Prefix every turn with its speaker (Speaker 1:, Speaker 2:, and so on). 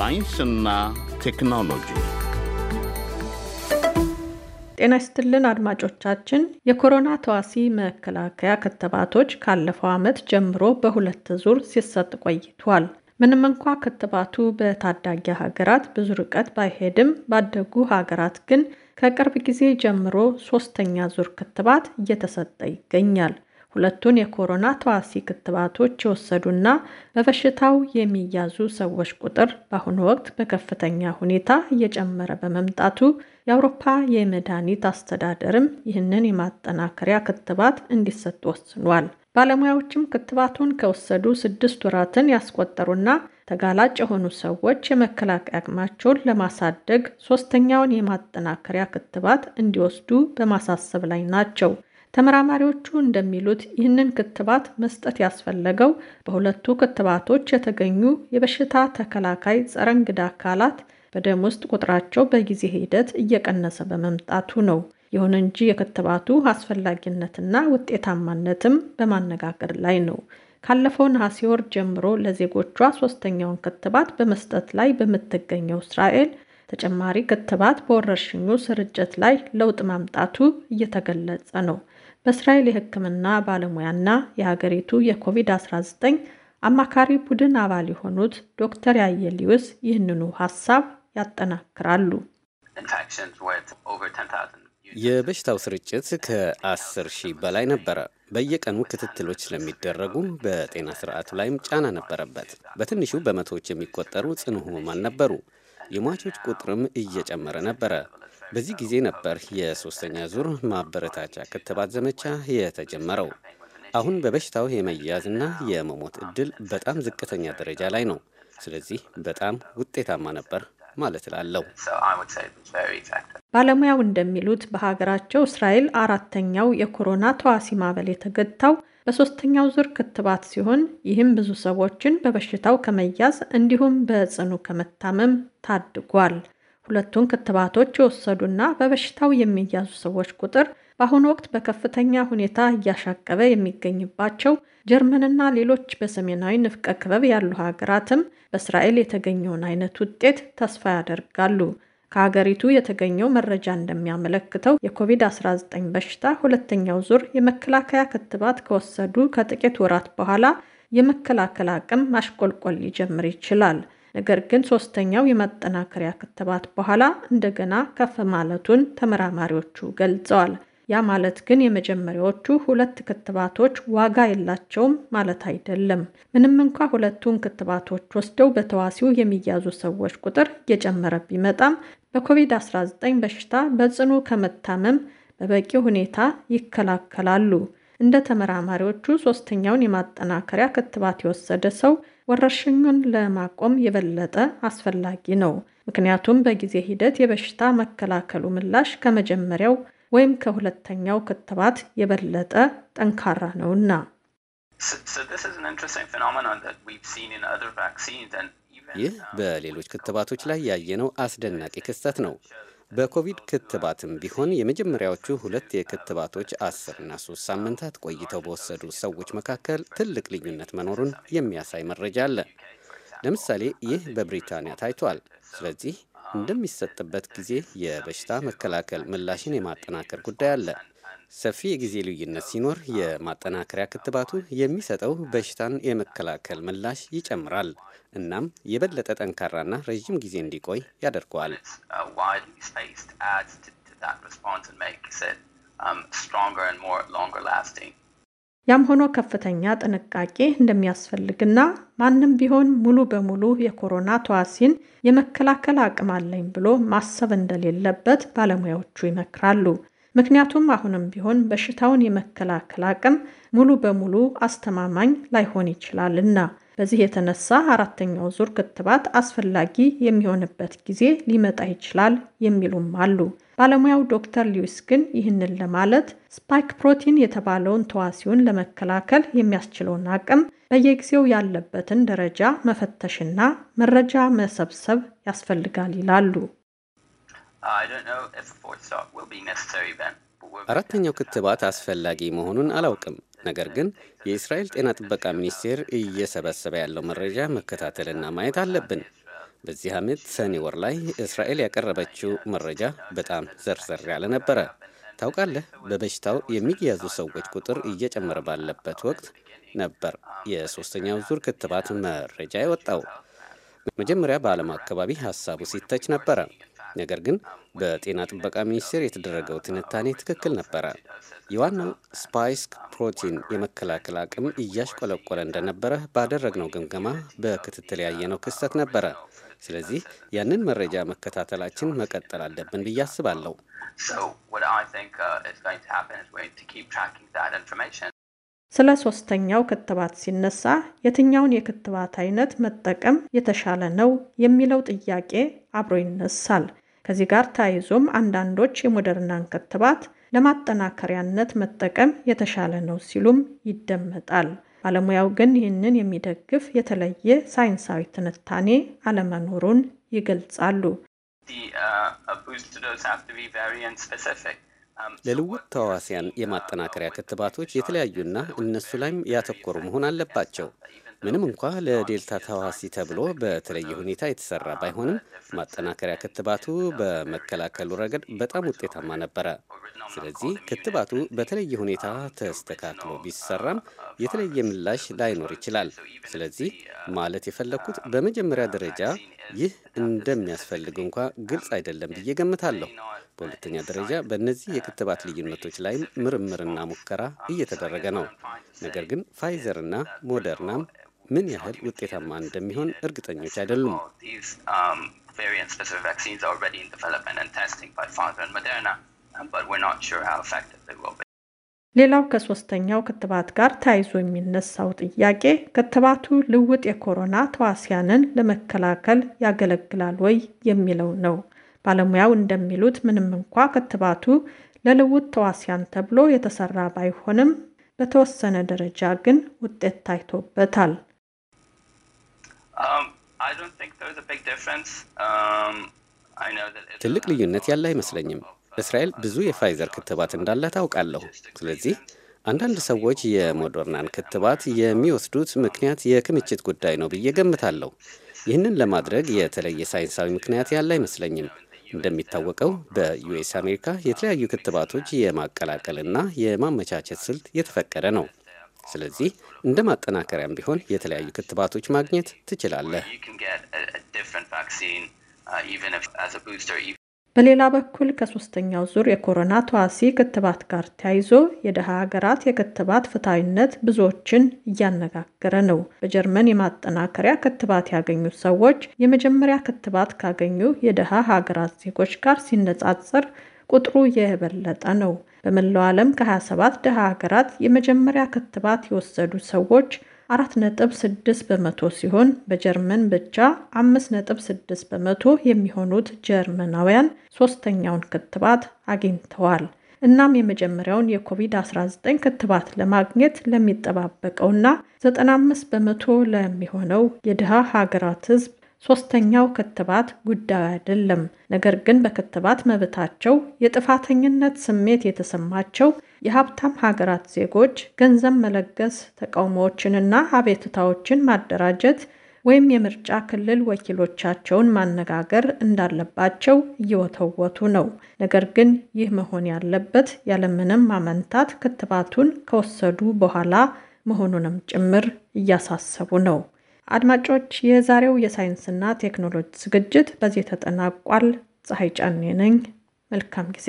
Speaker 1: ሳይንስና ቴክኖሎጂ
Speaker 2: ጤና ይስጥልን አድማጮቻችን። የኮሮና ተዋሲ መከላከያ ክትባቶች ካለፈው ዓመት ጀምሮ በሁለት ዙር ሲሰጥ ቆይቷል። ምንም እንኳ ክትባቱ በታዳጊ ሀገራት ብዙ ርቀት ባይሄድም ባደጉ ሀገራት ግን ከቅርብ ጊዜ ጀምሮ ሶስተኛ ዙር ክትባት እየተሰጠ ይገኛል። ሁለቱን የኮሮና ተዋሲ ክትባቶች የወሰዱና በበሽታው የሚያዙ ሰዎች ቁጥር በአሁኑ ወቅት በከፍተኛ ሁኔታ እየጨመረ በመምጣቱ የአውሮፓ የመድኃኒት አስተዳደርም ይህንን የማጠናከሪያ ክትባት እንዲሰጥ ወስኗል። ባለሙያዎችም ክትባቱን ከወሰዱ ስድስት ወራትን ያስቆጠሩና ተጋላጭ የሆኑ ሰዎች የመከላከያ አቅማቸውን ለማሳደግ ሶስተኛውን የማጠናከሪያ ክትባት እንዲወስዱ በማሳሰብ ላይ ናቸው። ተመራማሪዎቹ እንደሚሉት ይህንን ክትባት መስጠት ያስፈለገው በሁለቱ ክትባቶች የተገኙ የበሽታ ተከላካይ ጸረ እንግዳ አካላት በደም ውስጥ ቁጥራቸው በጊዜ ሂደት እየቀነሰ በመምጣቱ ነው። ይሁን እንጂ የክትባቱ አስፈላጊነትና ውጤታማነትም በማነጋገር ላይ ነው። ካለፈው ነሐሴ ወር ጀምሮ ለዜጎቿ ሶስተኛውን ክትባት በመስጠት ላይ በምትገኘው እስራኤል ተጨማሪ ክትባት በወረርሽኙ ስርጭት ላይ ለውጥ ማምጣቱ እየተገለጸ ነው። በእስራኤል የሕክምና ባለሙያና የሀገሪቱ የኮቪድ-19 አማካሪ ቡድን አባል የሆኑት ዶክተር ያየሊዮስ ይህንኑ ሀሳብ ያጠናክራሉ።
Speaker 1: የበሽታው ስርጭት ከ10 ሺህ በላይ ነበረ። በየቀኑ ክትትሎች ስለሚደረጉ በጤና ስርዓቱ ላይም ጫና ነበረበት። በትንሹ በመቶዎች የሚቆጠሩ ጽኑ ህሙማን ነበሩ። የሟቾች ቁጥርም እየጨመረ ነበረ። በዚህ ጊዜ ነበር የሶስተኛ ዙር ማበረታቻ ክትባት ዘመቻ የተጀመረው። አሁን በበሽታው የመያዝና የመሞት እድል በጣም ዝቅተኛ ደረጃ ላይ ነው። ስለዚህ በጣም ውጤታማ ነበር ማለት እላለሁ።
Speaker 2: ባለሙያው እንደሚሉት በሀገራቸው እስራኤል አራተኛው የኮሮና ተዋሲ ማዕበል የተገታው በሶስተኛው ዙር ክትባት ሲሆን ይህም ብዙ ሰዎችን በበሽታው ከመያዝ እንዲሁም በጽኑ ከመታመም ታድጓል። ሁለቱን ክትባቶች የወሰዱና በበሽታው የሚያዙ ሰዎች ቁጥር በአሁኑ ወቅት በከፍተኛ ሁኔታ እያሻቀበ የሚገኝባቸው ጀርመንና ሌሎች በሰሜናዊ ንፍቀ ክበብ ያሉ ሀገራትም በእስራኤል የተገኘውን አይነት ውጤት ተስፋ ያደርጋሉ። ከሀገሪቱ የተገኘው መረጃ እንደሚያመለክተው የኮቪድ-19 በሽታ ሁለተኛው ዙር የመከላከያ ክትባት ከወሰዱ ከጥቂት ወራት በኋላ የመከላከል አቅም ማሽቆልቆል ሊጀምር ይችላል። ነገር ግን ሶስተኛው የማጠናከሪያ ክትባት በኋላ እንደገና ከፍ ማለቱን ተመራማሪዎቹ ገልጸዋል። ያ ማለት ግን የመጀመሪያዎቹ ሁለት ክትባቶች ዋጋ የላቸውም ማለት አይደለም። ምንም እንኳ ሁለቱን ክትባቶች ወስደው በተዋሲው የሚያዙ ሰዎች ቁጥር እየጨመረ ቢመጣም በኮቪድ-19 በሽታ በጽኑ ከመታመም በበቂ ሁኔታ ይከላከላሉ። እንደ ተመራማሪዎቹ ሶስተኛውን የማጠናከሪያ ክትባት የወሰደ ሰው ወረርሽኙን ለማቆም የበለጠ አስፈላጊ ነው። ምክንያቱም በጊዜ ሂደት የበሽታ መከላከሉ ምላሽ ከመጀመሪያው ወይም ከሁለተኛው ክትባት የበለጠ ጠንካራ ነውና።
Speaker 1: ይህ በሌሎች ክትባቶች ላይ ያየነው አስደናቂ ክስተት ነው። በኮቪድ ክትባትም ቢሆን የመጀመሪያዎቹ ሁለት የክትባቶች አስርና ሶስት ሳምንታት ቆይተው በወሰዱ ሰዎች መካከል ትልቅ ልዩነት መኖሩን የሚያሳይ መረጃ አለ። ለምሳሌ ይህ በብሪታንያ ታይቷል። ስለዚህ እንደሚሰጥበት ጊዜ የበሽታ መከላከል ምላሽን የማጠናከር ጉዳይ አለ። ሰፊ የጊዜ ልዩነት ሲኖር የማጠናከሪያ ክትባቱ የሚሰጠው በሽታን የመከላከል ምላሽ ይጨምራል። እናም የበለጠ ጠንካራና ረዥም ጊዜ እንዲቆይ ያደርገዋል። um,
Speaker 2: ያም ሆኖ ከፍተኛ ጥንቃቄ እንደሚያስፈልግና ማንም ቢሆን ሙሉ በሙሉ የኮሮና ተዋሲን የመከላከል አቅም አለኝ ብሎ ማሰብ እንደሌለበት ባለሙያዎቹ ይመክራሉ። ምክንያቱም አሁንም ቢሆን በሽታውን የመከላከል አቅም ሙሉ በሙሉ አስተማማኝ ላይሆን ይችላልና። በዚህ የተነሳ አራተኛው ዙር ክትባት አስፈላጊ የሚሆንበት ጊዜ ሊመጣ ይችላል የሚሉም አሉ። ባለሙያው ዶክተር ሊዊስ ግን ይህንን ለማለት ስፓይክ ፕሮቲን የተባለውን ተዋሲውን ለመከላከል የሚያስችለውን አቅም በየጊዜው ያለበትን ደረጃ መፈተሽና መረጃ መሰብሰብ ያስፈልጋል ይላሉ።
Speaker 1: አራተኛው ክትባት አስፈላጊ መሆኑን አላውቅም። ነገር ግን የእስራኤል ጤና ጥበቃ ሚኒስቴር እየሰበሰበ ያለው መረጃ መከታተልና ማየት አለብን። በዚህ ዓመት ሰኔ ወር ላይ እስራኤል ያቀረበችው መረጃ በጣም ዘርዘር ያለ ነበረ። ታውቃለህ፣ በበሽታው የሚያዙ ሰዎች ቁጥር እየጨመረ ባለበት ወቅት ነበር የሶስተኛው ዙር ክትባት መረጃ የወጣው። መጀመሪያ በዓለም አካባቢ ሀሳቡ ሲተች ነበረ። ነገር ግን በጤና ጥበቃ ሚኒስቴር የተደረገው ትንታኔ ትክክል ነበረ። የዋናው ስፓይስ ፕሮቲን የመከላከል አቅም እያሽቆለቆለ እንደነበረ ባደረግነው ግምገማ በክትትል ያየነው ክስተት ነበረ። ስለዚህ ያንን መረጃ መከታተላችን መቀጠል አለብን ብዬ አስባለሁ። uh,
Speaker 2: ስለ ሶስተኛው ክትባት ሲነሳ የትኛውን የክትባት አይነት መጠቀም የተሻለ ነው የሚለው ጥያቄ አብሮ ይነሳል። ከዚህ ጋር ተያይዞም አንዳንዶች የሞደርናን ክትባት ለማጠናከሪያነት መጠቀም የተሻለ ነው ሲሉም ይደመጣል። ባለሙያው ግን ይህንን የሚደግፍ የተለየ ሳይንሳዊ ትንታኔ አለመኖሩን ይገልጻሉ።
Speaker 1: ለልውጥ ተዋሲያን የማጠናከሪያ ክትባቶች የተለያዩና እነሱ ላይም ያተኮሩ መሆን አለባቸው። ምንም እንኳ ለዴልታ ተዋሲ ተብሎ በተለየ ሁኔታ የተሰራ ባይሆንም ማጠናከሪያ ክትባቱ በመከላከሉ ረገድ በጣም ውጤታማ ነበረ። ስለዚህ ክትባቱ በተለየ ሁኔታ ተስተካክሎ ቢሰራም የተለየ ምላሽ ላይኖር ይችላል። ስለዚህ ማለት የፈለግኩት በመጀመሪያ ደረጃ ይህ እንደሚያስፈልግ እንኳ ግልጽ አይደለም ብዬ ገምታለሁ። በሁለተኛ ደረጃ በእነዚህ የክትባት ልዩነቶች ላይም ምርምርና ሙከራ እየተደረገ ነው። ነገር ግን ፋይዘርና ሞደርናም ምን ያህል ውጤታማ እንደሚሆን እርግጠኞች አይደሉም። um, um,
Speaker 2: ሌላው ከሶስተኛው ክትባት ጋር ተያይዞ የሚነሳው ጥያቄ ክትባቱ ልውጥ የኮሮና ተዋሲያንን ለመከላከል ያገለግላል ወይ የሚለው ነው። ባለሙያው እንደሚሉት ምንም እንኳ ክትባቱ ለልውጥ ተዋሲያን ተብሎ የተሰራ ባይሆንም በተወሰነ ደረጃ ግን ውጤት ታይቶበታል። Um,
Speaker 1: ትልቅ ልዩነት ያለ አይመስለኝም። uh, እስራኤል ብዙ የፋይዘር ክትባት እንዳለ ታውቃለሁ። ስለዚህ አንዳንድ ሰዎች የሞደርናን ክትባት uh, የሚወስዱት ምክንያት የክምችት ጉዳይ ነው ብዬ ገምታለሁ። ይህንን ለማድረግ የተለየ ሳይንሳዊ ምክንያት ያለ አይመስለኝም። እንደሚታወቀው በዩኤስ አሜሪካ የተለያዩ ክትባቶች የማቀላቀልና የማመቻቸት ስልት የተፈቀደ ነው። ስለዚህ እንደ ማጠናከሪያም ቢሆን የተለያዩ ክትባቶች ማግኘት ትችላለህ።
Speaker 2: በሌላ በኩል ከሶስተኛው ዙር የኮሮና ተዋሲ ክትባት ጋር ተያይዞ የደሃ ሀገራት የክትባት ፍትሐዊነት ብዙዎችን እያነጋገረ ነው። በጀርመን የማጠናከሪያ ክትባት ያገኙ ሰዎች የመጀመሪያ ክትባት ካገኙ የደሃ ሀገራት ዜጎች ጋር ሲነጻጸር ቁጥሩ የበለጠ ነው። በመላው ዓለም ከ27 ድሃ ሀገራት የመጀመሪያ ክትባት የወሰዱ ሰዎች 4.6 በመቶ ሲሆን በጀርመን ብቻ 5.6 በመቶ የሚሆኑት ጀርመናውያን ሶስተኛውን ክትባት አግኝተዋል። እናም የመጀመሪያውን የኮቪድ-19 ክትባት ለማግኘት ለሚጠባበቀውና 95 በመቶ ለሚሆነው የድሃ ሀገራት ህዝብ። ሶስተኛው ክትባት ጉዳዩ አይደለም። ነገር ግን በክትባት መብታቸው የጥፋተኝነት ስሜት የተሰማቸው የሀብታም ሀገራት ዜጎች ገንዘብ መለገስ፣ ተቃውሞዎችንና አቤቱታዎችን ማደራጀት ወይም የምርጫ ክልል ወኪሎቻቸውን ማነጋገር እንዳለባቸው እየወተወቱ ነው። ነገር ግን ይህ መሆን ያለበት ያለምንም ማመንታት ክትባቱን ከወሰዱ በኋላ መሆኑንም ጭምር እያሳሰቡ ነው። አድማጮች፣ የዛሬው የሳይንስና ቴክኖሎጂ ዝግጅት በዚህ ተጠናቋል። ፀሐይ ጫኔ ነኝ። መልካም ጊዜ